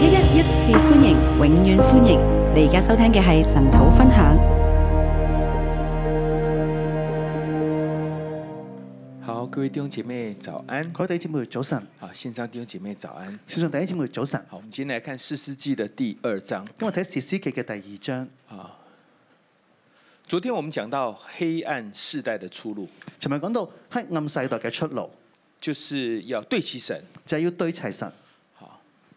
一一一次歡迎，永遠歡迎！你而家收聽嘅係神土分享。好，各位弟兄姐妹早安。各位弟兄姐妹早晨。好，線上弟兄姐妹早安。線上弟兄姐妹早晨。好，我們今天來看士師記嘅第二章。今日睇士師記嘅第二章。啊，昨天我們講到黑暗世代嘅出路，尋日講到黑暗世代嘅出路，就是要對齊神，就係要對齊神。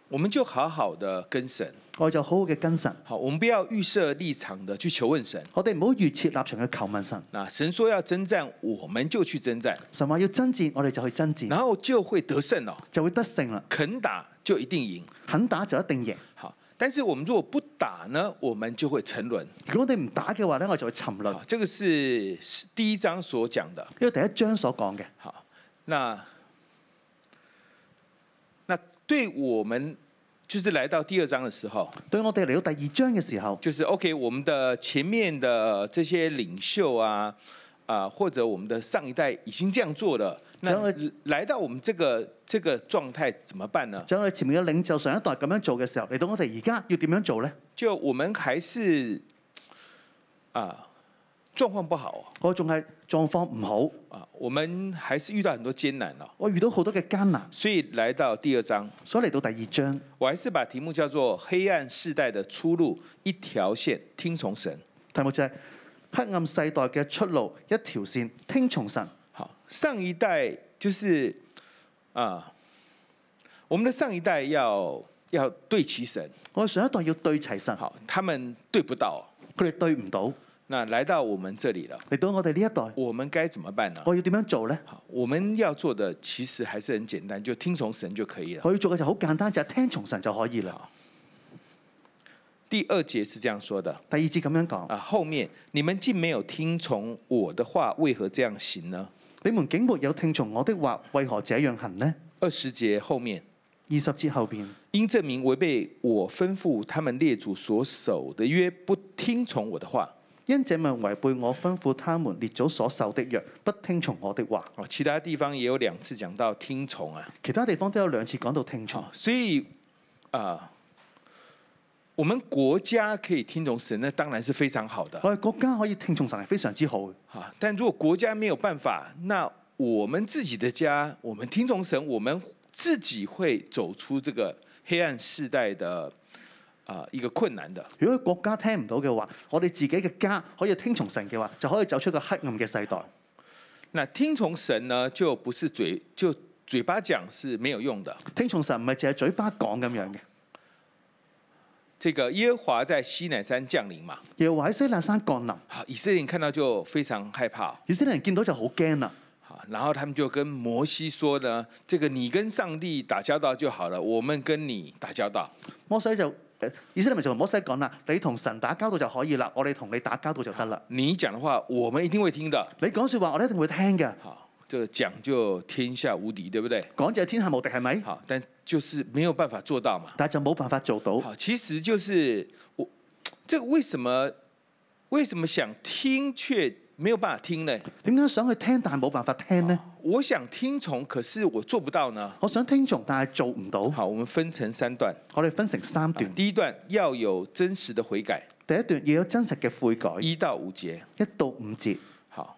我們就好好的跟神，我就好好嘅跟神。好，我們不要預設立場的去求問神。我哋唔好預設立場去求問神。那神說要征戰，我們就去征戰。神話要征戰，我哋就去征戰，然後就會得勝咯，就會得勝啦。肯打就一定贏，肯打就一定贏。好，但是我們如果不打呢，我們就會沉淪。如果你唔打嘅話呢，我就會沉淪。這個是第一章所講的，因為第一章所講嘅。好，嗱。對我們就是來到第二章的時候，對我哋嚟到第二章嘅時候，就是 OK，我們的前面的這些領袖啊，啊、呃、或者我們的上一代已經這樣做了，那來到我們這個這個狀態怎麼辦呢？咁你前面嘅領袖上一代咁樣做嘅時候，嚟到我哋而家要點樣做呢？就我們還是啊。呃狀況不好，我仲係狀況唔好。啊，我們還是遇到很多艱難啊，我遇到好多嘅艱難。所以來到第二章，所嚟到第二章，我還是把題目叫做黑暗世代的出路一條線，聽從神。題目就係黑暗世代嘅出路一條線，聽從神。好，上一代就是啊，我們的上一代要要對齊神。我們上一代要對齊神，好，他們對不到，佢哋對唔到。那來到我們這裡了，嚟到我哋呢一代，我們該怎麼辦呢？我要點樣做呢？我們要做的其實還是很簡單，就聽從神就可以了。我要做嘅就好簡單，就是、聽從神就可以了。第二節是這樣說的，第二節咁樣講啊。後面你們竟沒有聽從我的話，為何這樣行呢？你們竟沒有聽從我的話，為何這樣行呢？二十節後面，二十節後邊，因證明違背我吩咐他們列祖所守的約，不聽從我的話。因這民違背我吩咐他們列祖所受的約，不聽從我的話。哦，其他地方也有兩次講到聽從啊。其他地方都有兩次講到聽從，所以啊、呃，我們國家可以聽從神，那當然是非常好的。我哋國家可以聽從神，係非常之好。啊，但如果國家沒有辦法，那我們自己的家，我們聽從神，我們自己會走出這個黑暗世代的。啊，一個困難的。如果國家聽唔到嘅話，我哋自己嘅家可以聽從神嘅話，就可以走出個黑暗嘅世代。嗱，聽從神呢就不是嘴就嘴巴講是沒有用的。聽從神唔係淨係嘴巴講咁樣嘅。這個耶和華在西奈山降臨嘛？耶和華喺西奈山降臨。好，以色列人看到就非常害怕。以色列人見到就好驚啦。好，然後他們就跟摩西說呢，這個你跟上帝打交道就好了，我們跟你打交道。摩西就。意思你咪就唔好使講啦？你同神打交道就可以啦，我哋同你打交道就得啦。你講嘅話，我們一定會聽的。你講說話，我哋一定會聽嘅。好，就講就天下無敵，對不對？講就天下無敵，係咪？好，但就是沒有辦法做到嘛。但係就冇辦法做到。好，其實就是我，這為什麼？為什麼想聽卻？沒有辦法聽呢？點解想去聽但係冇辦法聽呢？我想聽從，可是我做不到呢。我想聽從，但係做唔到。好，我們分成三段。我哋分成三段。第一段要有真實的悔改。第一段要有真實嘅悔改。一到五節。一到五節。好。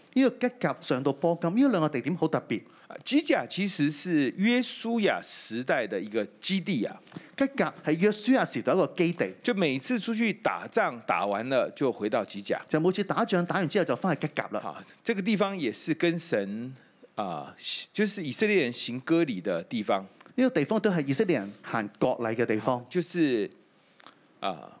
呢、這個吉甲上到波金，呢兩個地點好特別。吉甲其實是約書亞時代嘅一個基地啊，吉甲係約書亞時代一個基地，就每次出去打仗打完了就回到吉甲，就每次打仗打完之後就返去吉甲啦。好，這個地方也是跟神啊、呃，就是以色列人行割禮的地方。呢、這個地方都係以色列人行割禮嘅地方，就是啊。呃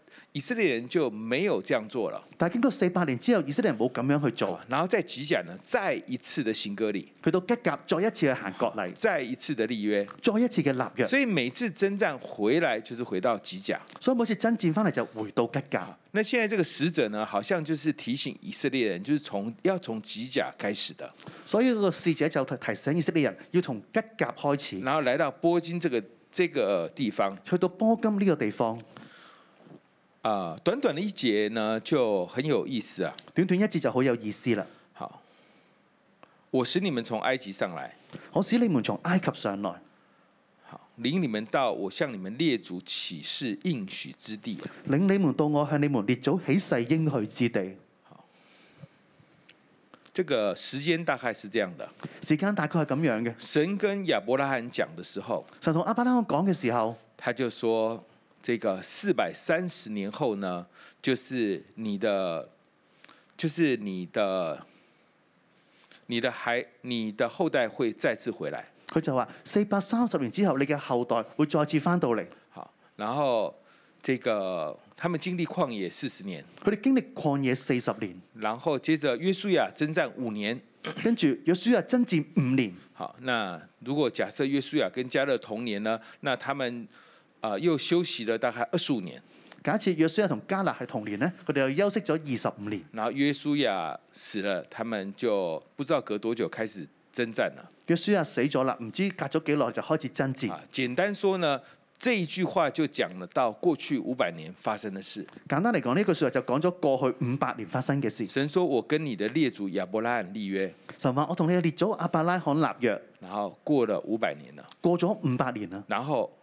以色列人就沒有這樣做了，但係經過四百年之後，以色列人冇咁樣去做。然後在吉甲呢，再一次的行割禮，去到吉甲再一次去行割禮，再一次的立約，再一次嘅立約。所以每次征戰回來就是回到吉甲，所以每次征戰翻嚟，就回到吉甲。那現在這個使者呢，好像就是提醒以色列人，就是從要從吉甲開始的。所以個使者就提醒以色列人要從吉甲開始，然後來到波金這個這個地方，去到波金呢個地方。啊、uh，短短的一節呢，就很有意思啊！短短一節就好有意思啦。好，我使你們從埃及上來，我使你們從埃及上來，好，領你們到我向你們列祖起誓應許之地，領你們到我向你們列祖起誓應許之地。好，這個時間大概是這樣的，時間大概係咁樣嘅。神跟亞伯拉罕講嘅時候，神同亞伯拉罕講嘅時候，他就說。這個四百三十年後呢，就是你的，就是你的，你的孩，你的後代會再次回來。佢就話四百三十年之後，你嘅後代會再次翻到嚟。好，然後這個他們經歷曠野四十年。佢哋經歷曠野四十年。然後接着約書亞征戰五年。跟住約書亞征戰五年。好，那如果假設約書亞跟加勒同年呢，那他們。又休息了大概二十五年。假設約書亞同迦勒係同年呢，佢哋又休息咗二十五年。然後約書亞死了，他們就不知道隔多久開始爭戰啦。約書亞死咗啦，唔知隔咗幾耐就開始爭戰。簡單說呢，這一句話就講得到過去五百年發生的事。簡單嚟講，呢句説話就講咗過去五百年發生嘅事。神說：我跟你的列祖亞伯拉罕立約。神話我同你列祖阿伯拉罕立約。然後過了五百年啦。過咗五百年啦。然後。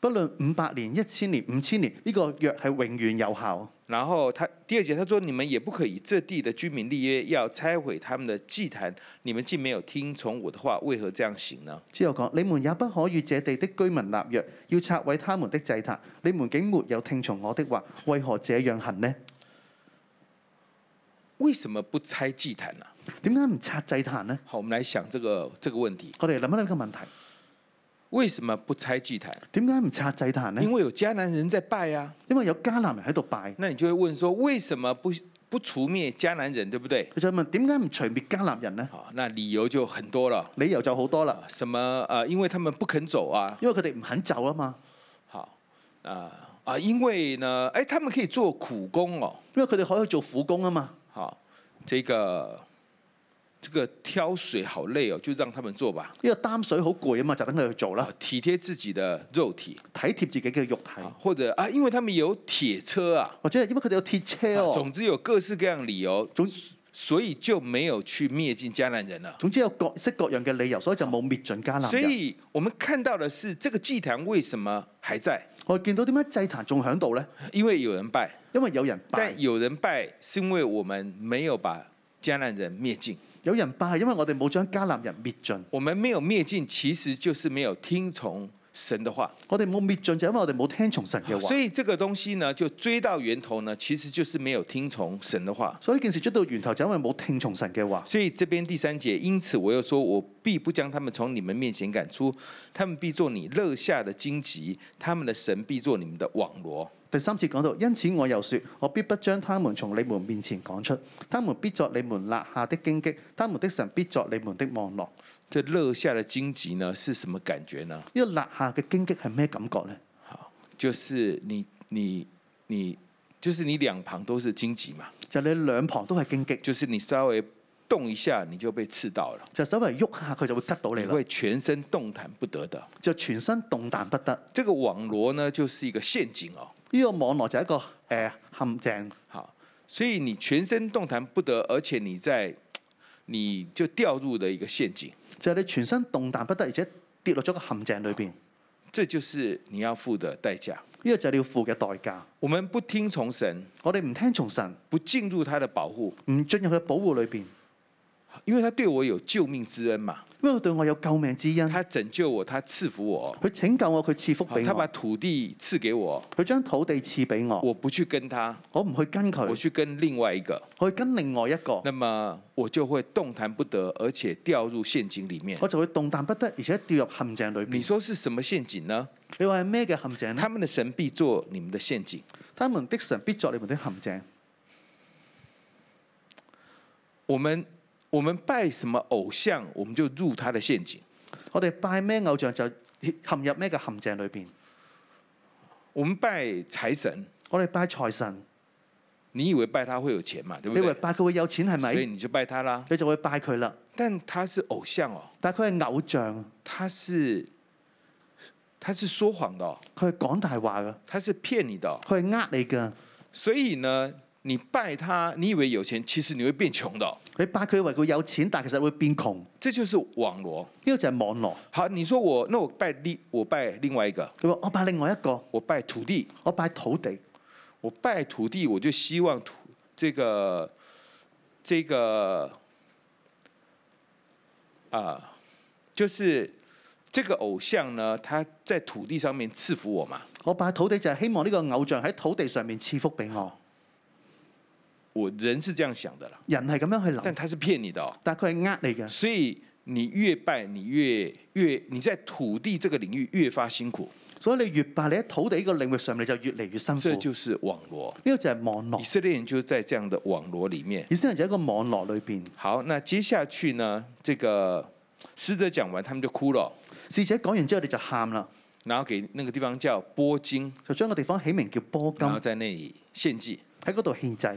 不論五百年、一千年、五千年，呢、這個約係永遠有效。然後他第二節他說：你們也不可以這地的居民立約，要拆毀他們的祭壇。你們既沒有聽從我的話，為何這樣行呢？之後講：你們也不可以這地的居民立約，要拆毀他們的祭壇。你們竟沒有聽從我的話，為何這樣行呢？為什麼不拆祭壇呢、啊？點解唔拆祭壇呢？好，我們來想這個這個問題。我哋諗一諗個問題。為什，為什麼不拆祭壇？點解唔拆祭壇呢？因為有迦南人在拜啊，因為有迦南人喺度拜。那你就會問說，為什麼不不除滅迦南人，對不對？就問點解唔除滅迦南人呢？好，那理由就很多啦，理由就好多啦。什麼？誒、呃，因為他們不肯走啊。因為佢哋唔肯走啊嘛。啊啊、呃，因為呢，誒、哎，他們可以做苦工哦、啊，因為佢哋可以做苦工啊嘛。好，這個。這個挑水好累哦，就讓他們做吧。因為擔水好攰啊嘛，就等佢去做啦。體貼自己的肉體，體貼自己嘅肉體，啊、或者啊，因為他們有鐵車啊。我得因為佢哋有鐵車哦、啊。總之有各式各樣的理由，總所以就沒有去滅盡迦南人啦。總之有各式各樣嘅理由，所以就冇滅盡迦南人。所以我們看到的是，這個祭壇為什麼還在？我見到點解祭壇仲喺度呢？因為有人拜，因為有人拜，但有人拜，是因為我們沒有把迦南人滅盡。有人敗，因為我哋冇將迦南人滅盡。我們沒有滅盡，其實就是沒有聽從神的話。我哋冇滅盡，就是、因為我哋冇聽從神嘅話。所以這個東西呢，就追到源頭呢，其實就是沒有聽從神的話。所以呢件事追到源頭，就是、因為冇聽從神嘅話。所以這邊第三節，因此我又說我必不將他們從你們面前趕出，他們必做你肋下的荊棘，他們的神必做你們的網羅第三次講到，因此我又說，我必不將他們從你們面前趕出，他們必作你們落下的荊棘，他們的神必作你們的網羅。這落下的荊棘呢，是什麼感覺呢？呢個落下的荊棘係咩感覺呢？好，就是你你你，就是你兩旁都是荊棘嘛。就係你兩旁都係荊棘。就是你稍微動一下，你就被刺到了。就稍微喐下，佢就會拮到你了。你會全身動彈不得的。就全身動彈不得。這個網羅呢，就是一個陷阱哦。呢、這個網絡就係一個誒、呃、陷阱，好，所以你全身動彈不得，而且你在，你就掉入的一個陷阱，就係、是、你全身動彈不得，而且跌落咗個陷阱裏邊，這就是你要付的代價。呢、這個就係你要付嘅代價。我們不聽從神，我哋唔聽從神，不進入他的保護，唔進入佢嘅保護裏邊。因為他對我有救命之恩嘛，因為對我有救命之恩，他拯救我，他賜福我，佢拯救我，佢賜福俾我，他把土地賜給我，佢將土地賜俾我，我不去跟他，我唔去跟佢，我去跟另外一個，去跟另外一個，那麼我就會動彈不得，而且掉入陷阱裏面，我就會動彈不得，而且掉入陷阱裏面。你說是什麼陷阱呢？你話係咩嘅陷阱呢？他們的神必做你們的陷阱，他們的神必做你們的陷阱，我們。我們拜什麼偶像，我們就入他的陷阱。我哋拜咩偶像，就陷入咩個陷阱裏邊。我們拜財神，我哋拜財神。你以為拜他會有錢嘛？對唔對？你以為拜佢會有錢係咪？所以你就拜他啦。你就會拜佢啦。但他是偶像哦。但佢係偶像，他是他是說謊的，佢係講大話嘅，他是騙你的，佢呃你嘅。所以呢？你拜他，你以為有錢，其實你會變窮的。你拜佢以為佢有錢，但其實會變窮。這就是網絡，呢個就係網絡。好，你說我，那我拜另我拜另外一個。我拜另外一個，我拜土地，我拜土地，我拜土地，我我就希望土這個這個啊、呃，就是這個偶像呢，他在土地上面賜福我嘛。我拜土地就係希望呢個偶像喺土地上面賜福俾我。我人是這樣想的啦，人係咁樣去諗，但係他是騙你的，但佢係呃你嘅，所以你越拜你越越你在土地這個領域越發辛苦，所以你越拜你喺土地呢個領域上面你就越嚟越辛苦，這就是網羅，呢個就係網羅，以色列人就在這樣的網羅裏面，以色列人就喺一個網羅裏邊。好，那接下去呢，這個使者講完，他們就哭了。使者講完之後，佢哋就喊啦，然後給那個地方叫波金，就將個地方起名叫波金，然後在那裏獻祭，喺嗰度獻祭。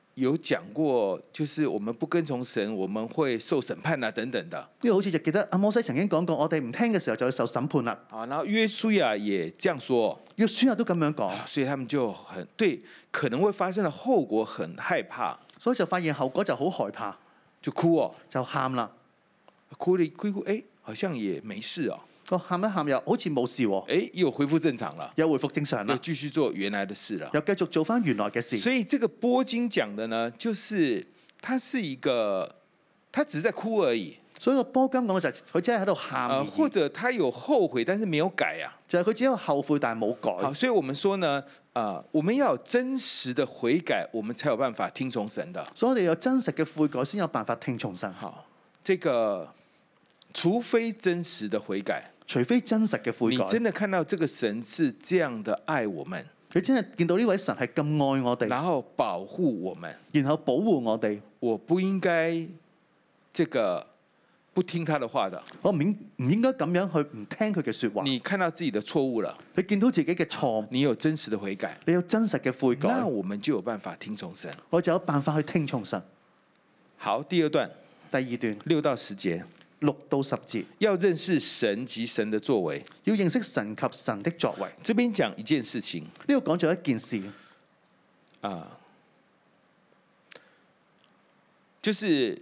有講過，就是我們不跟從神，我們會受審判啊等等的。因為好似就記得阿摩西曾經講過，我哋唔聽嘅時候就要受審判啦。啊，然後耶穌啊也這樣說，耶穌啊都咁樣講，所以他們就很對可能會發生的後果很害怕，所以就發現後果就好害怕，就哭、哦，就喊啦，哭嚟，佢哭,哭，誒、欸，好像也沒事啊、哦。喊一喊又好似冇事喎，誒，又恢復正常啦，又回復正常啦，又繼續做原來的事啦，又繼續做翻原來嘅事。所以這個波金講的呢，就是他是一個，他只是在哭而已。所以波金講嘅就係佢喺度喊，或者他有後悔，但是沒有改呀，就係佢只有後悔但係冇改。所以我們說呢，啊，我們要有真實的悔改，我們才有辦法聽從神的。所以你有真實嘅悔改先有辦法聽從神。哈，這個除非真實的悔改。除非真實嘅悔改，你真係看到這個神是這樣的愛我們，你真係見到呢位神係咁愛我哋，然後保護我們，然後保護我哋，我不應該這個不聽他的話的，我唔應唔應該咁樣去唔聽佢嘅說話。你看到自己的錯誤了，你見到自己嘅錯，你有真實嘅悔改，你有真實嘅悔改，那我們就有辦法聽從神，我就有辦法去聽從神。好，第二段，第二段，六到十節。六到十節，要認識神及神的作為；要認識神及神的作為。這邊講一件事情，呢度講咗一件事啊，就是。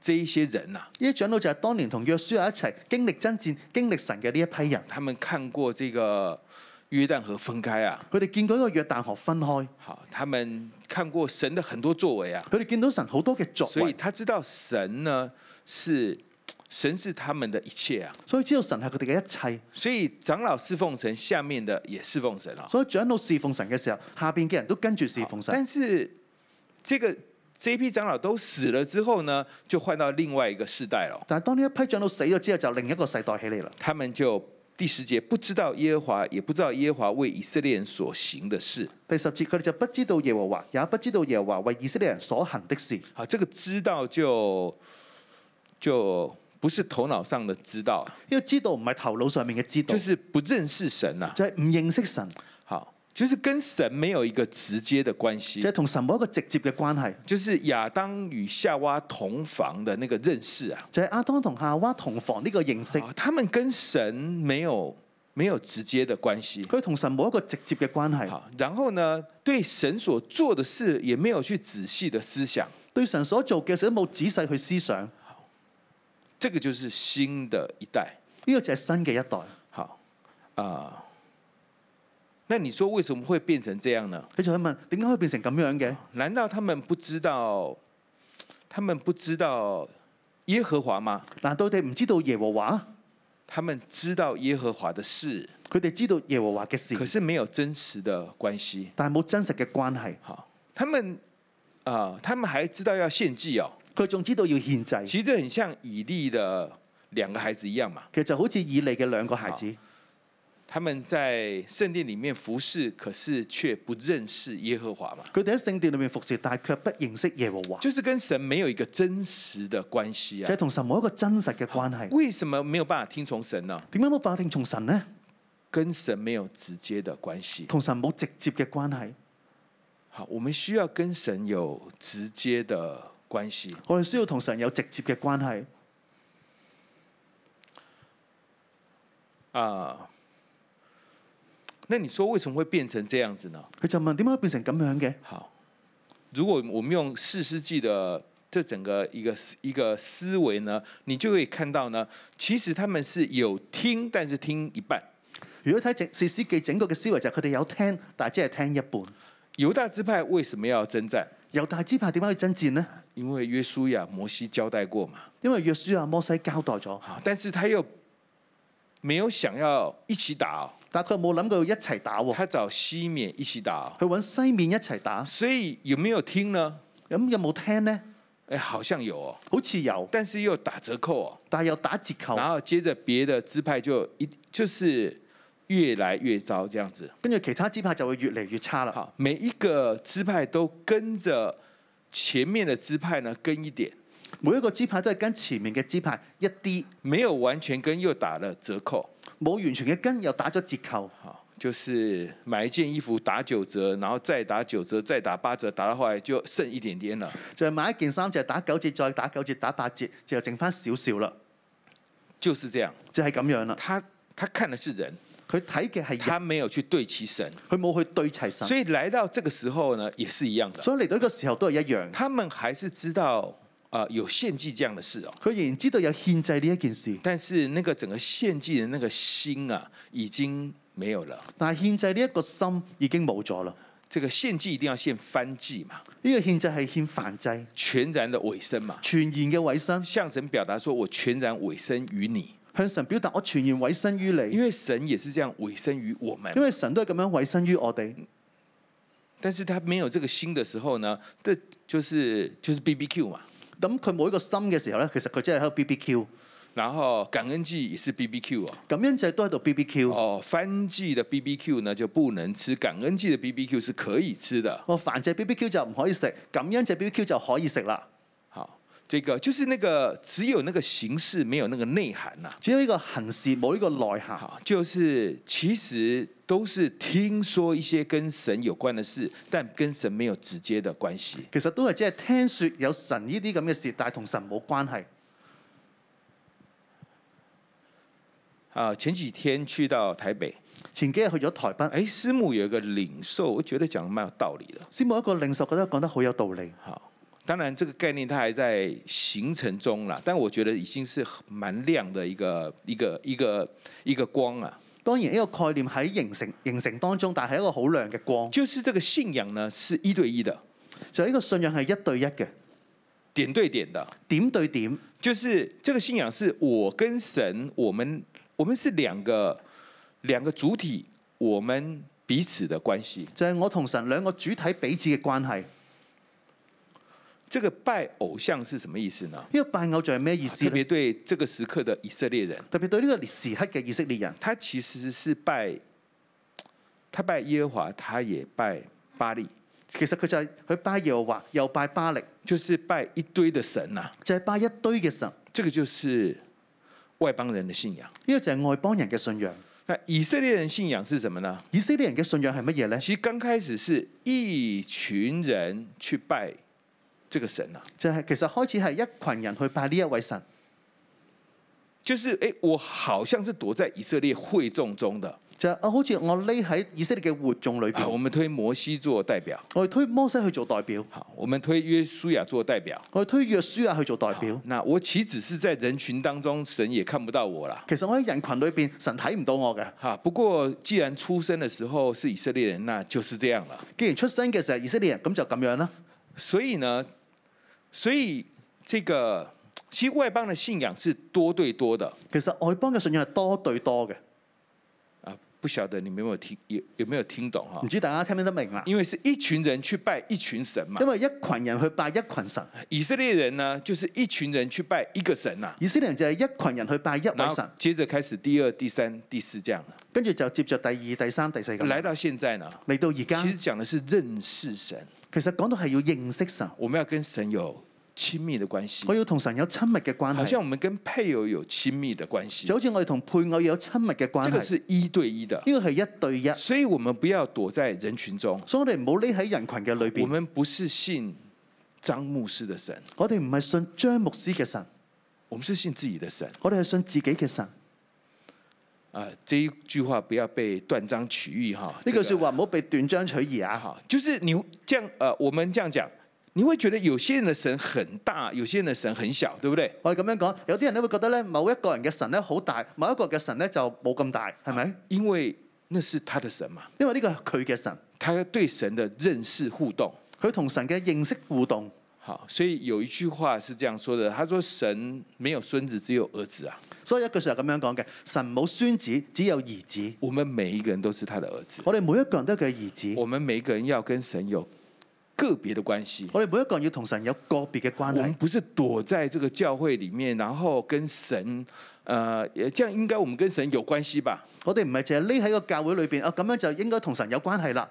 這一些人啊，呢啲長老就係當年同約書亞一齊經歷爭戰、經歷神嘅呢一批人，他們看過這個約旦河分開啊，佢哋見到一個約旦河分開，好，他們看過神的很多作為啊，佢哋見到神好多嘅作為，所以他知道神呢是神是他們的一切啊，所以知道神係佢哋嘅一切，所以長老侍奉神，下面的也侍奉神啊，所以長老侍奉神嘅時候，下邊嘅人都跟住侍奉神，但是這個。這一批長老都死了之後呢，就換到另外一個世代咯。但係當呢一批長老死咗之後，就另一個世代起嚟啦。他們就第十節不知道耶和華，也不知道耶和華為以色列人所行的事。第十節佢哋就不知道耶和華，也不知道耶和華為以色列人所行的事。啊，這個知道就就不是頭腦上的知道，因為知道唔係頭腦上面嘅知道，就是不認識神啦，就係唔認識神啊。就是跟神沒有一個直接的關係，即係同神冇一個直接嘅關係。就是亞當與夏娃同房的那個認識啊，就係亞當同夏娃同房呢個認識，他們跟神沒有沒有直接的關係，佢同神冇一個直接嘅關係。然後呢，對神所做的事也沒有去仔細的思想，對神所做嘅事都冇仔細去思想，這個就是新的一代，呢個就係新嘅一代。好，啊。那你說為什麼會變成這樣呢？佢就問，點解會變成咁樣嘅？難道他們不知道？他們不知道耶和華嗎？難道佢唔知道耶和華？他們知道耶和華的事，佢哋知道耶和華嘅事，可是沒有真實的關係，但係冇真實嘅關係吓。他們啊、呃，他們還知道要獻祭哦，佢仲知道要獻祭。其實很像以利的兩個孩子一樣嘛。其實好似以利嘅兩個孩子。他們在聖殿裏面服侍，可是卻不認識耶和華嘛？佢哋喺聖殿裏面服侍，但卻不認識耶和華，就是跟神沒有一個真實的關係啊！即係同神冇一個真實嘅關係啊。為什麼沒有辦法聽從神呢？點解冇法聽從神呢？跟神沒有直接嘅關係，同神冇直接嘅關係。好，我們需要跟神有直接嘅關係。我哋需要同神有直接嘅關係啊！那你說為什麼會變成這樣子呢？佢就問點解變成咁樣嘅？好，如果我們用士師記的這整個一個一個思維呢，你就可以看到呢，其實他們是有聽，但是聽一半。如果睇整士師記整個嘅思維就佢哋有聽，但係只係聽一半。猶大支派為什麼要征戰？猶大支派點解要征戰呢？因為約書亞摩西交代過嘛。因為約書亞摩西交代咗，但是他又沒有想要一起打、哦。但佢冇諗過一齊打喎、哦。他找西面一起打、哦。去揾西面一齊打。所以有冇聽呢？咁、嗯、有冇聽呢？誒、欸，好像有、哦，好似有，但是又打折扣哦。但又打折扣。然後接着別的支派就一就是越來越糟，這樣子。跟住其他支派就會越來越差啦。好，每一個支派都跟着前面的支派呢跟一點。每一個支派都係跟前面嘅支派一啲，沒有完全跟，又打了折扣。冇完全嘅根，又打咗折扣。嚇，就是買一件衣服打九折，然後再打九折，再打八折，打到後來就剩一點點啦。就是、買一件衫就是、打九折，再打九折，打八折，就剩翻少少啦。就是這樣，就係、是、咁樣啦。他他看的是人，佢睇嘅係人。他沒有去對齊神，佢冇去對齊神。所以來到這個時候呢，也是一樣的。所以嚟到呢個時候都係一樣的。他們還是知道。啊、呃，有獻祭這樣的事哦。佢仍然知道有獻祭呢一件事，但是那個整個獻祭人那個心啊，已經沒有了。但係獻祭呢一個心已經冇咗啦。這個獻祭一定要獻燔祭嘛？呢、這個獻祭係獻燔祭，全然的委身嘛？全然嘅委身，向神表達說我全然委身於你，向神表達我全然委身於你。因為神也是這樣委身於我們。因為神都係咁樣委身於我哋。但是他沒有這個心的時候呢？這就是就是 B B Q 嘛？咁佢冇一個心嘅時候咧，其實佢真係喺度 BBQ。然後感恩祭亦是 BBQ 啊。感恩祭都喺度 BBQ。哦，犯忌的 BBQ 呢就不能吃，感恩祭嘅 BBQ 是可以吃的。哦，犯忌 BBQ 就唔可以食，感恩祭 BBQ 就可以食啦。這個就是那個只有那個形式，沒有那個內涵啊，只有一個行事，冇一個內涵，就是其實都是聽說一些跟神有關的事，但跟神沒有直接的關係。其實都係即係聽說有神呢啲咁嘅事，但係同神冇關係。啊，前幾天去到台北，前幾日去咗台北，誒，師母有一個領受，我覺得講得蠻有道理的。師母一個領受，覺得講得好有道理。好。當然，這個概念它還在形成中啦，但我覺得已經是蠻亮的一個一個一個一個光啊。當然，一個概念喺形成形成當中，但係一個好亮嘅光。就是這個信仰呢，是一對一的，所以呢個信仰係一對一嘅點對點的。點對點，就是這個信仰是我跟神，我們我們是兩個兩個主體，我們彼此的關係就係、是、我同神兩個主體彼此嘅關係。這個拜偶像是什麼意思呢？呢、這個拜偶像係咩意思呢、啊？特別對這個時刻的以色列人，特別對呢個時刻嘅以色列人，他其實是拜，他拜耶和華，他也拜巴力。其實佢就係佢拜耶和華又拜巴力，就是拜一堆的神啊，就係、是、拜一堆嘅神。這個就是外邦人的信仰，呢、這個就係外邦人嘅信仰。那以色列人信仰是什麼呢？以色列人嘅信仰係乜嘢呢？其實剛開始是一群人去拜。這個神啊，就係其實開始係一群人去拜呢一位神，就是誒，我好像是躲在以色列會眾中的，就啊，好似我匿喺以色列嘅會眾裏邊。我們推摩西做代表，我哋推摩西去做代表。好，我們推約書亞做代表，我哋推約書亞去做代表。那我豈只是在人群當中，神也看不到我啦？其實我喺人群裏邊，神睇唔到我嘅。哈，不過既然出生嘅時候是以色列人，那就是這樣啦。既然出生嘅時候以色列人，咁就咁樣啦。所以呢？所以，這個其實外邦的信仰是多對多的。其實外邦嘅信仰是多對多嘅、啊。不曉得你有冇聽有有沒有聽懂哈？唔知大家聽唔聽得明啦？因為是一群人去拜一群神嘛。因為一群人去拜一群神。以色列人呢，就是一群人去拜一個神、啊、以色列人就係一群人去拜一位神、啊。接着開始第二、第三、第四這樣。跟住就接着第二、第三、第四。來到現在呢，來到而家，其實講嘅是認識神。其實講到係要認識神，我們要跟神有親密的關係。我要同神有親密嘅關係，好像我們跟配偶有親密的關係，就好似我哋同配偶有親密嘅關係。這個是一對一的，呢個係一對一。所以我們不要躲在人群中，所以我哋唔好匿喺人群嘅裏邊。我們不是信張牧師的神，我哋唔係信張牧師嘅神，我們是信自己的神，我哋係信自己嘅神。啊，這一句話不要被斷章取義哈。呢個說話，唔好、這個、被斷章取義啊！哈，就是你這樣，呃，我們這樣講，你會覺得有些人的神很大，有些人的神很小，對不對？我咁樣講，有啲人都會覺得咧，某一個人嘅神咧好大，某一個嘅神咧就冇咁大，係咪？因為那是他的神嘛，因為呢個係佢嘅神，他對神嘅認識互動，佢同神嘅認識互動。好、啊，所以有一句話是這樣說的，他說神沒有孫子，只有兒子啊。所以一句說話咁樣講嘅，神冇孫子，只有兒子。我們每一個人都是他的兒子，我哋每一個人都係佢嘅兒子。我們每一個人要跟神有個別的關係。我哋每一個人要同神有個別嘅關係。我們不是躲在這個教會裏面，然後跟神，誒，誒，這樣應該我們跟神有關係吧？我哋唔係淨係匿喺個教會裏邊啊，咁樣就應該同神有關係啦。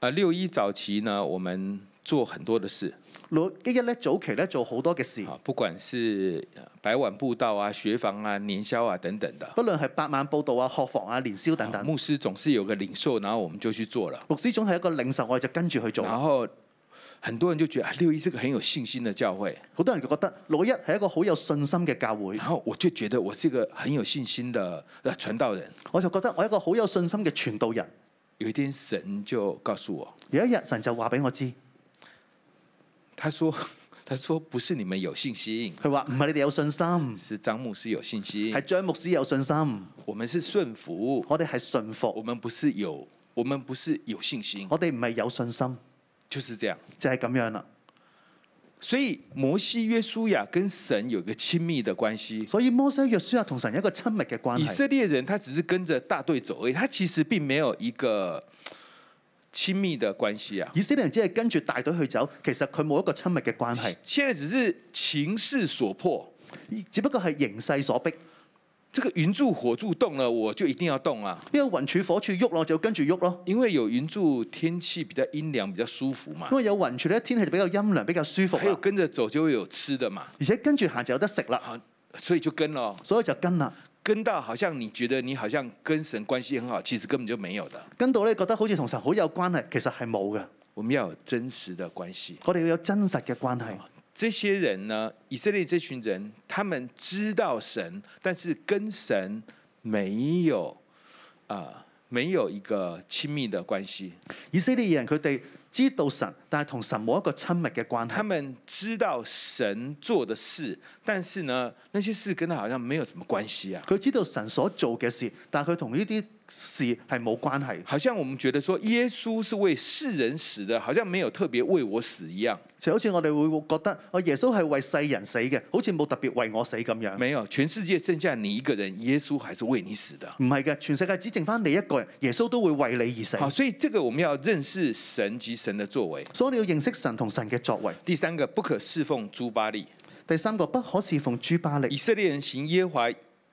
啊，六一早期呢，我們。做很多的事，老一咧早期咧做好多嘅事，不管是百萬布道啊、學房啊、年宵啊等等的，不論係百萬布道啊、學房啊、年宵等等。牧師總是有個領袖，然後我們就去做了。牧師總係一個領袖，我哋就跟住去做。然後很多人就覺得，啊，六一是一個很有信心的教會，好多人就覺得老一係一個好有信心嘅教會。然後我就覺得我是一個很有信心的傳道人，我就覺得我一個好有信心嘅傳道人有。有一天神就告訴我，有一日神就話俾我知。他說：他說不是你們有信心，佢話唔係你哋有信心，是張牧師有信心，係張牧師有信心。我們是順服，我哋係順服。我們不是有，我們不是有信心。我哋唔係有信心，就是這樣，就係咁樣啦。所以摩西、約書亞跟神有個親密的關係，所以摩西、約書亞同神有個親密嘅關係。以色列人，他只是跟着大隊走，而已，他其實並沒有一個。親密的關係啊！以色列人只係跟住大隊去走，其實佢冇一個親密嘅關係。現在只是情勢所迫，只不過係形勢所逼。這個雲柱火柱動了，我就一定要動啊！呢個雲柱火柱喐咯，我就跟住喐咯。因為有雲柱，天氣比較陰涼，比較舒服嘛。因為有雲柱咧，天氣就比較陰涼，比較舒服。有跟着走就會有吃的嘛。而且跟住行就有得食啦，所以就跟咯。所以就跟啦。跟到好像你覺得你好像跟神關係很好，其實根本就沒有的。跟到你覺得好似同神好有關係，其實係冇嘅。我們要有真實的關係，我哋要有真實嘅關係。這些人呢，以色列這群人，他們知道神，但是跟神沒有啊、呃，沒有一個親密的關係。以色列人佢哋。知道神，但係同神冇一個親密嘅關係。佢哋知道神做嘅事，但是呢，那些事跟他好像冇乜什麼關係啊。佢知道神所做嘅事，但係佢同呢啲。事係冇關係，好像我們覺得說耶穌是為世人死的，好像沒有特別為我死一樣。就好似我哋會覺得，我耶穌係為世人死嘅，好似冇特別為我死咁樣。沒有，全世界剩下你一個人，耶穌還是為你死的。唔係嘅，全世界只剩翻你一個人，耶穌都會為你而死。所以這個我們要認識神及神的作為。所以你要認識神同神嘅作為。第三個不可侍奉諸巴力。第三個不可侍奉諸巴力。以色列人行耶和華。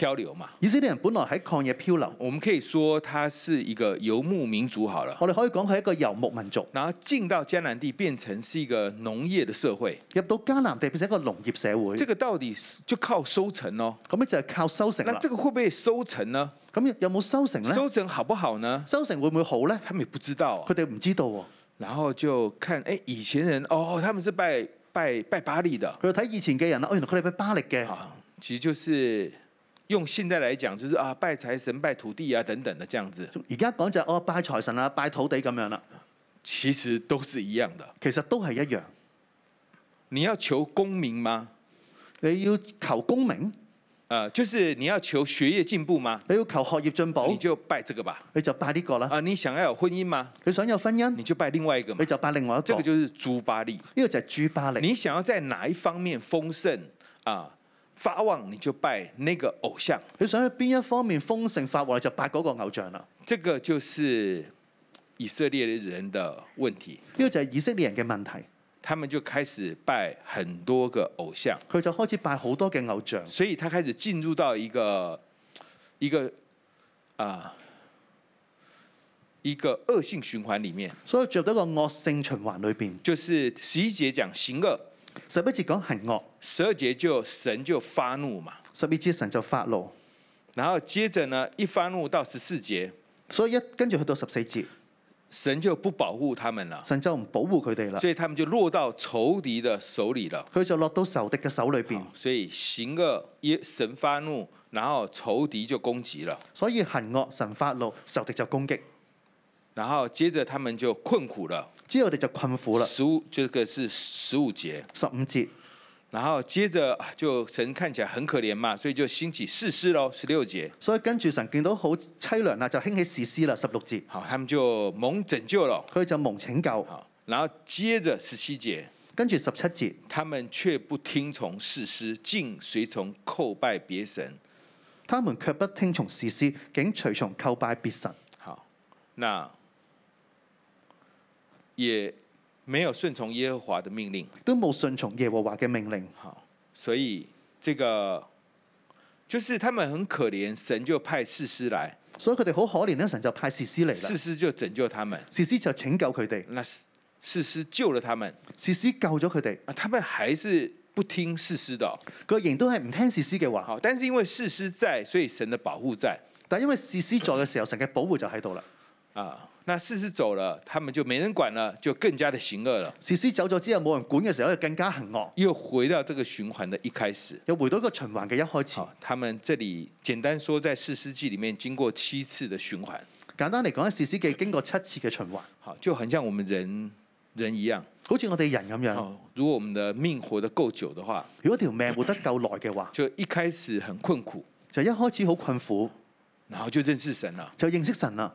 漂流嘛，以色列人本來喺曠野漂流，我們可以說他是一個遊牧民族好了。我哋可以講佢係一個遊牧民族，然後進到迦南地變成是一個農業嘅社會，入到迦南地變成一個農業社會。這個到底就靠收成咯，咁咪就係靠收成嗱，那這個會不會收成呢？咁有冇收成呢？收成好不好呢？收成會唔會好咧？他們也不知道，佢哋唔知道、啊。然後就看，誒、欸，以前人，哦，他們是拜拜拜巴力的，佢哋睇以前嘅人，哦，原來佢哋拜巴力嘅，其實就是。用現代嚟講，就是啊，拜財神、拜土地啊，等等的，這樣子。而家講就哦，拜財神啊，拜土地咁樣啦。其實都是一樣的，其實都係一樣。你要求功名嗎？你要求功名？啊，就是你要求學業進步嗎？你要求學業進步？你就拜這個吧。你就拜呢個啦。啊，你想要有婚姻嗎？你想有婚姻？你就拜另外一個。你就拜另外一個。這個就是朱巴力，呢個就係朱巴力。你想要在哪一方面豐盛啊？發旺你就拜那個偶像，你想去邊一方面封神發旺，就拜嗰個偶像啦。這個就是以色列人的問題，呢個就係以色列人嘅問題。他們就開始拜很多個偶像，佢就開始拜好多嘅偶像，所以，他開始進入到一個一個啊一個惡性循環裏面。所以，就得個惡性循環裏邊，就是十一節講行惡。十一節講行惡，十二節就神就發怒嘛。十二節神就發怒，然後接着呢，一發怒到十四節，所以一跟住去到十四節，神就不保護他們啦。神就唔保護佢哋啦，所以他們就落到仇敵的手裏了。佢就落到仇敵嘅手裏邊。所以行惡，神發怒，然後仇敵就攻擊啦。所以行惡神發怒，仇敵就攻擊。然後接着他們就困苦了，之後我哋就困苦了。十五，這個是十五節。十五節，然後接着就神看起來很可憐嘛，所以就興起士師咯，十六節。所以跟住神見到好淒涼啊，就興起士師啦，十六節。好，他們就蒙拯救了，佢就蒙拯救。好，然後接着十七節，跟住十七節，他們卻不聽從士師，竟隨從叩拜別神。他們卻不聽從士師，竟隨從叩拜別神。好，那。也沒有順從耶和華的命令，都冇順從耶和華嘅命令，好，所以這個就是他們很可憐，神就派士師來，所以佢哋好可憐，呢神就派士師嚟啦，士師就拯救他們，士師就拯救佢哋，那士師救了他們，士師救咗佢哋，啊，他們還是不聽士師的，佢仍都係唔聽士師嘅話，好，但是因為士師在，所以神的保護在，但係因為士師在嘅時候， 神嘅保護就喺度啦，啊。那士師走了，他們就沒人管了，就更加的行惡了。士師走咗之後冇人管嘅時候，就更加行惡。又回到這個循環的一開始。又回到一個循環嘅一開始。他們這裡簡單說，在《士師記》裡面經過七次的循環。簡單嚟講，《士師記》經過七次嘅循環。好，就很像我們人人一樣，好似我哋人咁樣。如果我們的命活得夠久的話，如果條命活得夠耐嘅話，就一開始很困苦，就一開始好困苦，然後就認識神了，就認識神了。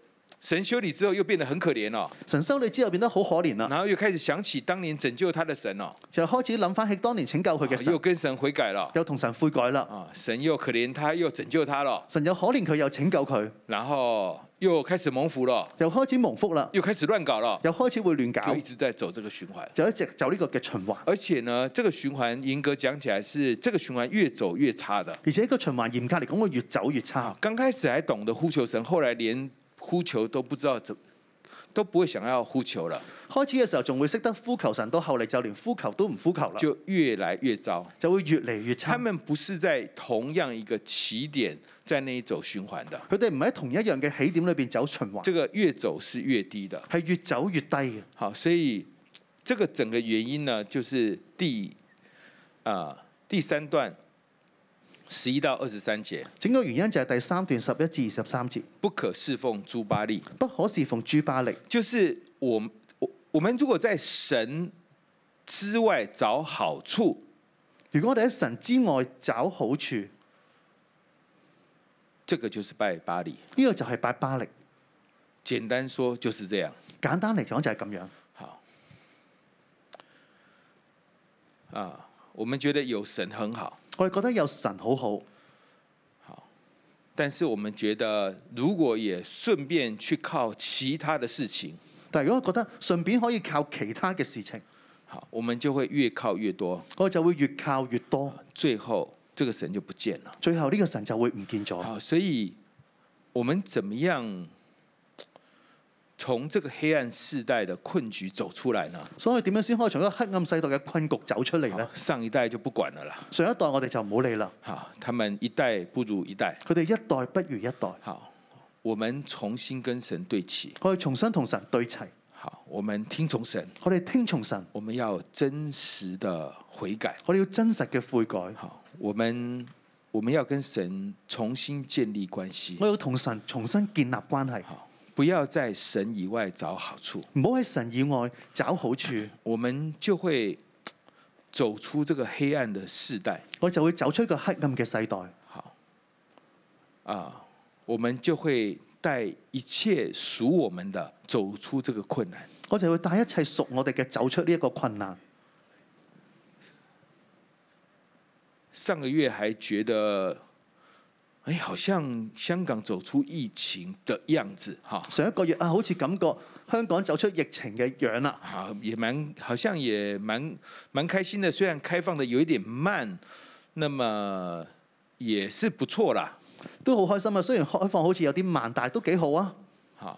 神修理之後又變得很可憐咯，神修理之後變得好可憐啦，然後又開始想起當年拯救他的神咯，就開始諗翻起當年拯救佢嘅，又跟神悔改了，又同神悔改啦，神又可憐他，又拯救他了，神又可憐佢，又拯救佢，然後又開始蒙福了，又開始蒙福啦，又開始亂搞了，又開始會亂搞，就一直在走這個循環，就一直走呢個嘅循環，而且呢，這個循環嚴格講起來是，這個循環越走越差的，而且個循環嚴格嚟講，會越走越差，剛開始還懂得呼求神，後來連。呼求都不知道怎，都不會想要呼求了。開始嘅時候仲會識得呼求神，到後嚟就連呼求都唔呼求啦。就越來越糟，就會越嚟越差。他們不是在同樣一個起點在那走循環的，佢哋唔係同一樣嘅起點裏邊走循環。這個越走是越低的，係越走越低。好，所以這個整個原因呢，就是第啊、呃、第三段。十一到二十三節，整個原因就係第三段十一至二十三節，不可侍奉諸巴力，不可侍奉諸巴力，就是我我我們如果在神之外找好處，如果我哋喺神之外找好處，這個就是拜巴力，呢個就係拜巴力，簡單說就是這樣，簡單嚟講就係咁樣。好，啊，我們覺得有神很好。我哋覺得有神好好，好，但是我們覺得如果也順便去靠其他的事情，但如果覺得順便可以靠其他嘅事情，好，我們就會越靠越多，我就會越靠越多，最後呢個神就唔見，最後呢個神就唔見咗，好，所以我哋點樣？從這個黑暗世代的困局走出來呢？所以點樣先可以從一個黑暗世代嘅困局走出嚟呢？上一代就不管啦啦。上一代我哋就唔好理啦。好，他們一代不如一代。佢哋一代不如一代。好，我們重新跟神對齊。我哋重新同神對齊。好，我們聽從神。我哋聽從神。我們要真實的悔改。我哋要真實嘅悔改。好，我們我們要跟神重新建立關係。我要同神重新建立關係。不要在神以外找好處。唔好喺神以外找好處，我們就會走出這個黑暗的世代。我就會走出一個黑暗嘅世代。好，啊，uh，我們就會帶一切屬我們的走出這個困難。我就會帶一切屬我哋嘅走出呢一個困難。上個月還覺得。哎，好像香港走出疫情嘅樣子，嚇！上一個月啊，好似感覺香港走出疫情嘅樣啦，嚇，也蠻，好像也蠻，蠻開心的，雖然開放的有一點慢，那麼也是不錯啦。都好開心啊，雖然開放好似有啲慢，但係都幾好啊，嚇！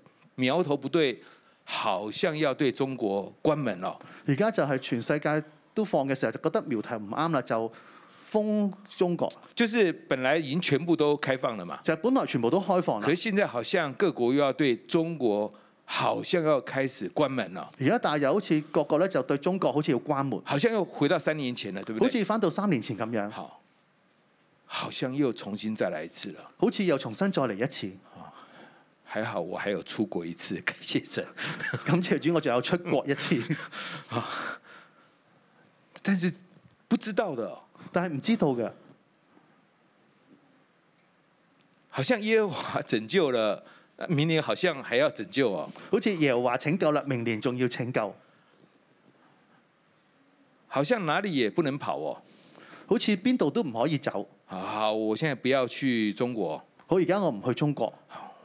苗頭不對，好像要對中國關門咯。而家就係全世界都放嘅時候，就覺得苗頭唔啱啦，就封中國。就是本來已經全部都開放啦嘛。就係本來全部都開放啦。所以現在好像各國又要對中國，好像要開始關門啦。而家但係又好似各國咧就對中國好似要關門，好像又回到三年前啦，對不對？好似翻到三年前咁樣。好，好像又重新再來一次啦。好似又重新再嚟一次。還好我還有出國一次，感謝神。感謝主，我仲有出國一次。但是不知道的，但係唔知道嘅，好像耶和華拯救了，明年好像還要拯救啊！好似耶和華拯救了，明年仲要拯救。好像哪裏也不能跑哦，好似邊度都唔可以走。好，好，我現在不要去中國。好，而家我唔去中國。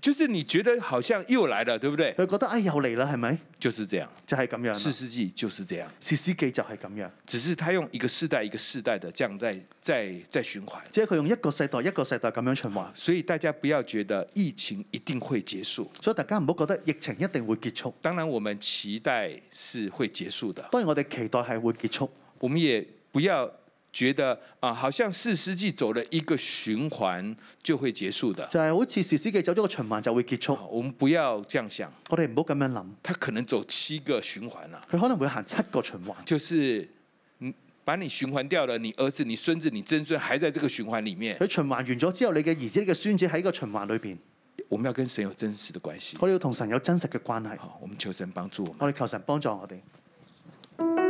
就是你覺得好像又來了，對不對？佢覺得啊、哎，又嚟啦，係咪？就是這樣，就係、是、咁樣。四世紀就是這樣，四世紀就係咁樣，只是他用一個世代一個世代的這樣在在在循環。即係佢用一個世代一個世代咁樣循環。所以大家不要覺得疫情一定會結束，所以大家唔好覺得疫情一定會結束。當然，我們期待是會結束的。當然，我哋期待係會結束，我們也不要。覺得啊，好像是四世紀走了一個循環就會結束的，就係好似四世紀走咗個循環就會結束。我們不要這樣想，我哋唔好咁樣諗。他可能走七個循環啦，佢可能會行七個循環，就是嗯，把你循環掉了，你兒子、你孫子、你曾孫還在這個循環裡面。佢循環完咗之後，你嘅兒子、你嘅孫子喺個循環裏邊。我們要跟神有真實嘅關係，我哋要同神有真實嘅關係。我們求神幫助我們，我哋求神幫助我哋。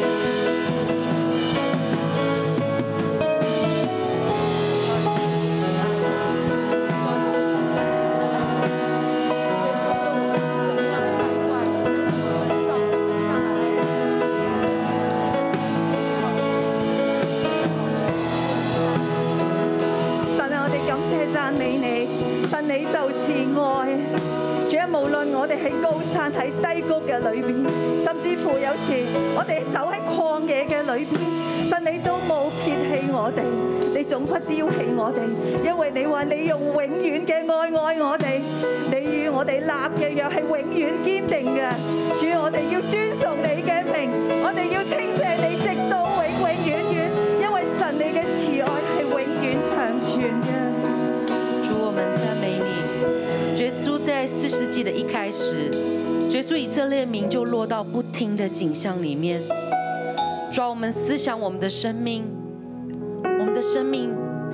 不丟棄我哋，因為你話你用永遠嘅愛愛我哋，你與我哋立嘅約係永遠堅定嘅。主，我哋要尊崇你嘅名，我哋要稱謝你，直到永永遠遠。因為神你嘅慈愛係永遠長存嘅。主，我們讚美你。絕處在四世紀的一開始，絕處以色列民就落到不停的景象裡面。主，我們思想我們的生命。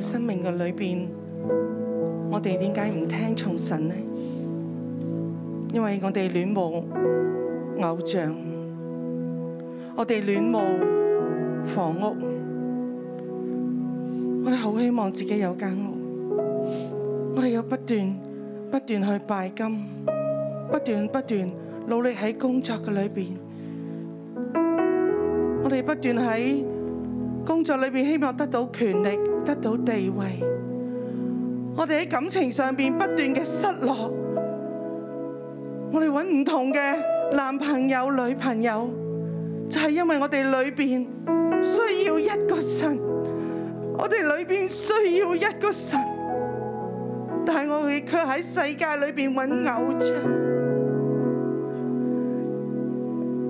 生命嘅裏邊，我哋點解唔聽從神呢？因為我哋戀慕偶像，我哋戀慕房屋，我哋好希望自己有間屋。我哋又不斷不斷去拜金，不斷不斷努力喺工作嘅裏邊，我哋不斷喺工作裏邊希望得到權力。得到地位，我哋喺感情上邊不斷嘅失落，我哋揾唔同嘅男朋友、女朋友，就係因為我哋裏邊需要一個神，我哋裏邊需要一個神，但係我哋卻喺世界裏邊揾偶像。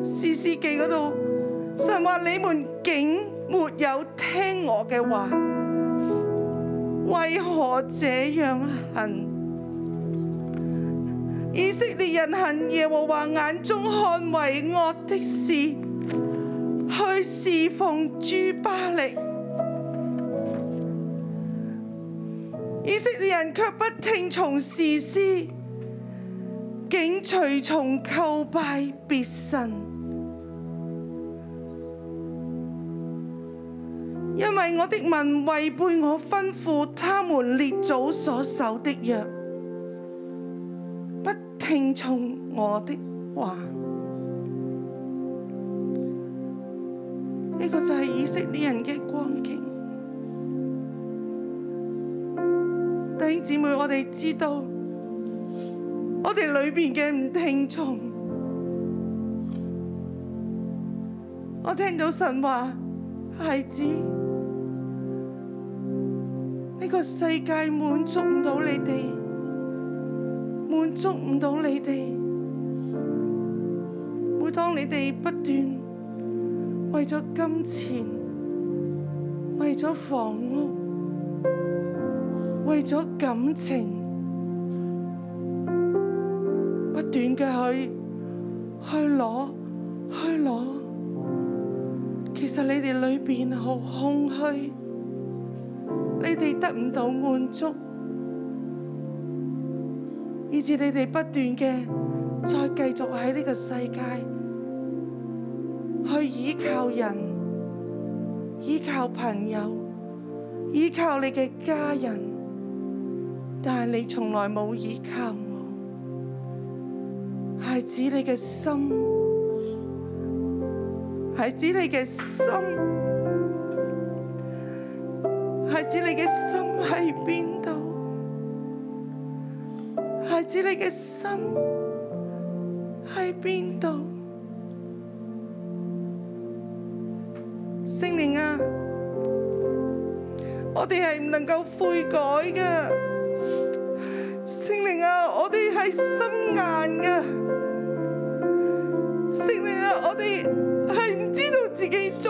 詩詩記嗰度神話你們竟沒有聽我嘅話。為何這樣行？以色列人行耶和華眼中看為惡的事，去侍奉諸巴力。以色列人卻不聽從士師，竟隨從叩拜別神。因為我的民違背我吩咐，他們列祖所守的約，不聽從我的話。呢、這個就係以色列人嘅光景。弟兄姊妹，我哋知道，我哋裏面嘅唔聽從。我聽到神話，孩子。呢個世界滿足唔到你哋，滿足唔到你哋。每當你哋不斷為咗金錢、為咗房屋、為咗感情，不斷嘅去去攞去攞，其實你哋裏面好空虛。你哋得唔到滿足，以至你哋不斷嘅再繼續喺呢個世界去依靠人、依靠朋友、依靠你嘅家人，但係你從來冇依靠我，孩子，你嘅心，孩子，你嘅心。孩子，你嘅心喺邊度？孩子，你嘅心喺邊度？聖靈啊，我哋係唔能夠悔改噶，聖靈啊，我哋係心硬噶，聖靈啊，我哋係唔知道自己做。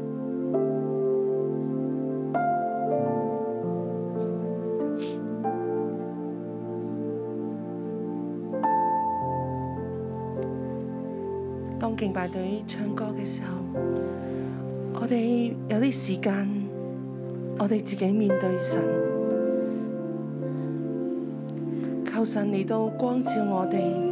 敬拜隊唱歌的時候，我哋有啲時間，我哋自己面對神，求神嚟到光照我哋。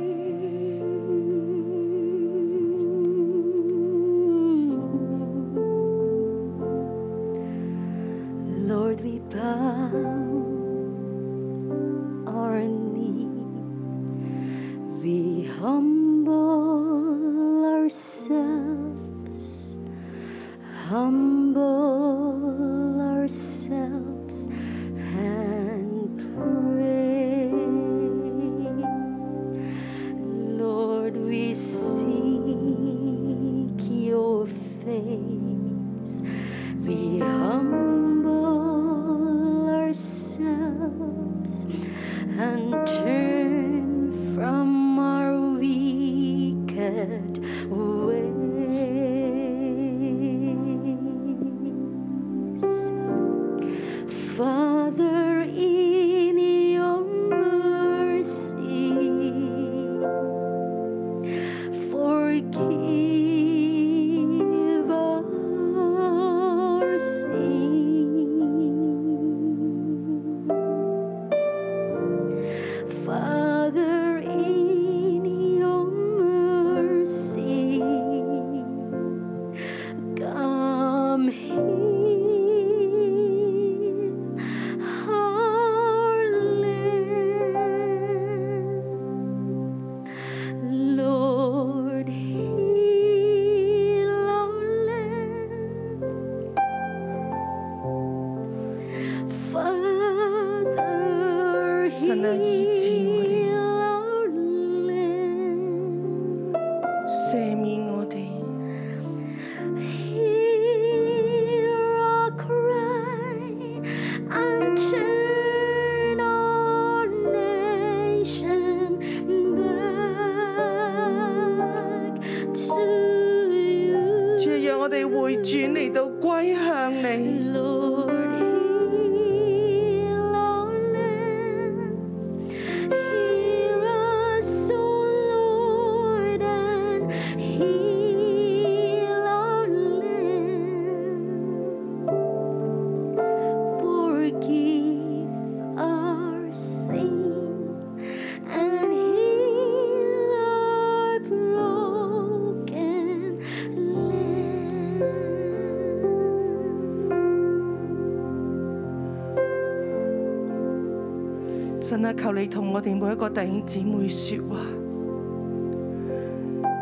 求你同我哋每一個弟兄姊妹說話，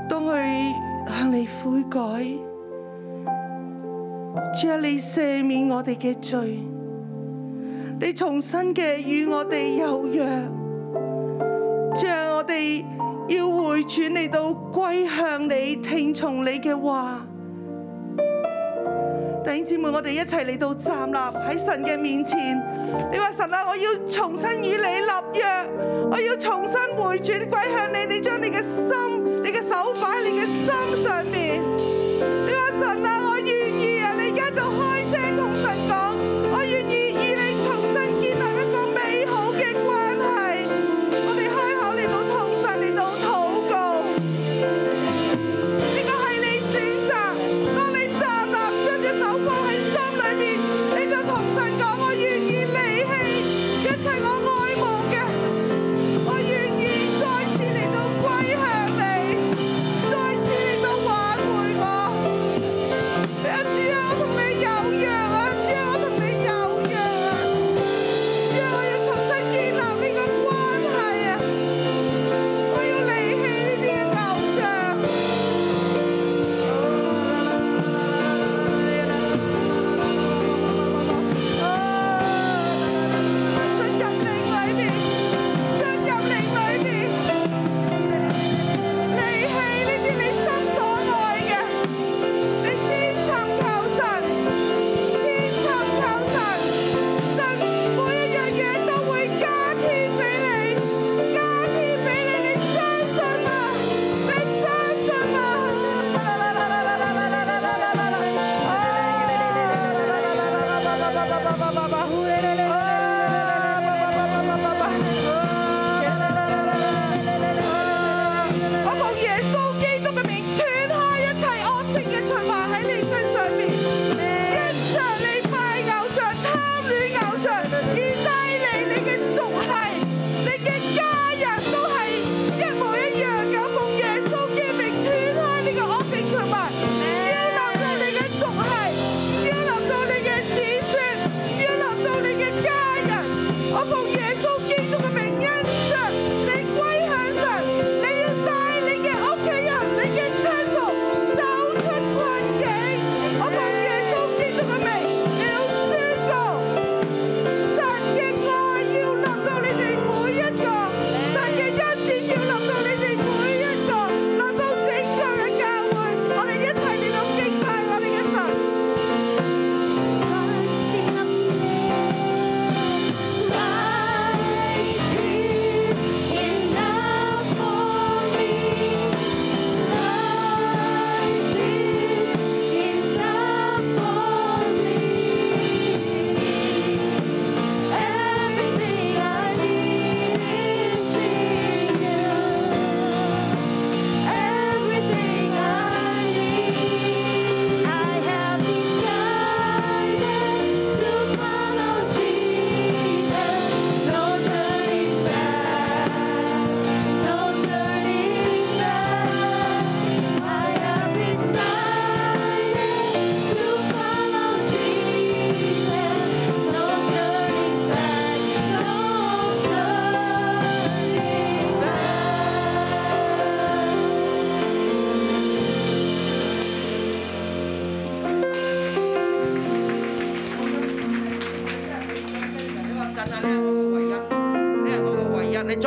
當佢向你悔改，主啊，你赦免我哋嘅罪，你重新嘅與我哋有約，主啊，我哋要回轉嚟到歸向你，聽從你嘅話。弟兄姊妹，我哋一齊嚟到站立喺神嘅面前。你說神啊，我要重新與你立約，我要重新回轉歸向你，你將你嘅心。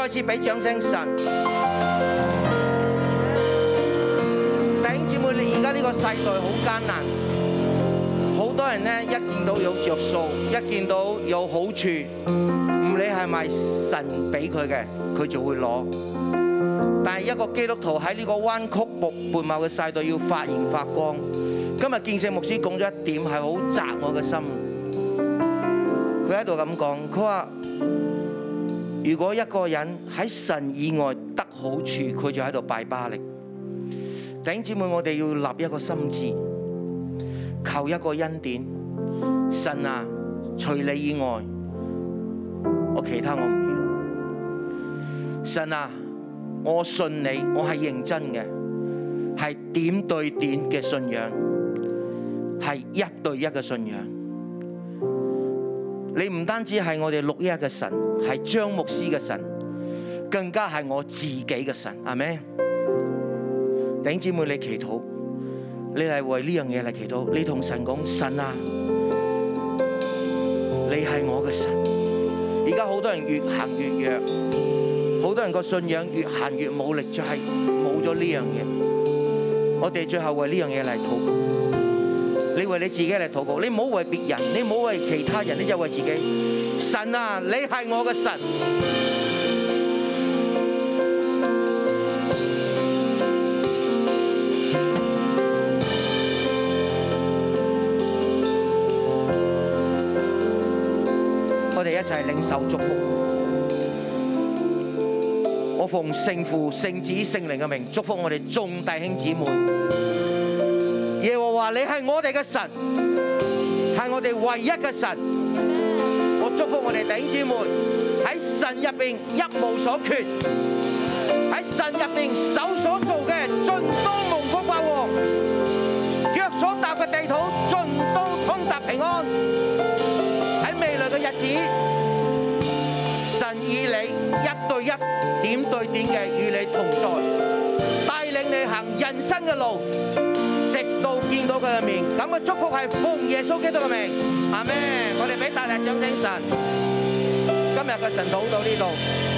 再次俾掌聲，神弟兄姊妹，你而家呢個世代好艱難，好多人呢一見到有着數，一見到有好處，唔理係咪神俾佢嘅，佢就會攞。但係一個基督徒喺呢個彎曲悖謬嘅世代要發現發光。今日見聖牧師講咗一點係好扎我嘅心，佢喺度咁講，佢話。如果一個人喺神以外得好處，佢就喺度拜巴力。弟兄姊妹，我哋要立一個心志，求一個恩典。神啊，除你以外，我其他我唔要。神啊，我信你，我係認真嘅，係點對點嘅信仰，係一對一嘅信仰。你唔單止係我哋六一嘅神。係張牧師嘅神，更加係我自己嘅神，係咪？弟兄姊妹，你祈禱，你係為呢樣嘢嚟祈禱。你同神講，神啊，你係我嘅神。而家好多人越行越弱，好多人個信仰越行越冇力，就係冇咗呢樣嘢。我哋最後為呢樣嘢嚟禱告。你為你自己嚟禱告，你唔好為別人，你唔好為其他人，你就為自己。神啊，你係我嘅神。我哋一齊領受祝福。我奉聖父、聖子、聖靈嘅名祝福我哋眾弟兄姊妹。耶和華，你係我哋嘅神，係我哋唯一嘅神。祝福我哋弟兄姊妹喺神入邊一無所缺，喺神入邊手所做嘅盡都蒙福發旺，腳所踏嘅地土盡都通達平安。喺未來嘅日子，神與你一對一、點對點嘅與你同在，帶領你行人生嘅路。見到佢嘅面，咁個祝福係奉耶穌基督嘅名，阿咩，我哋俾大大掌聲！今日嘅神到到呢度。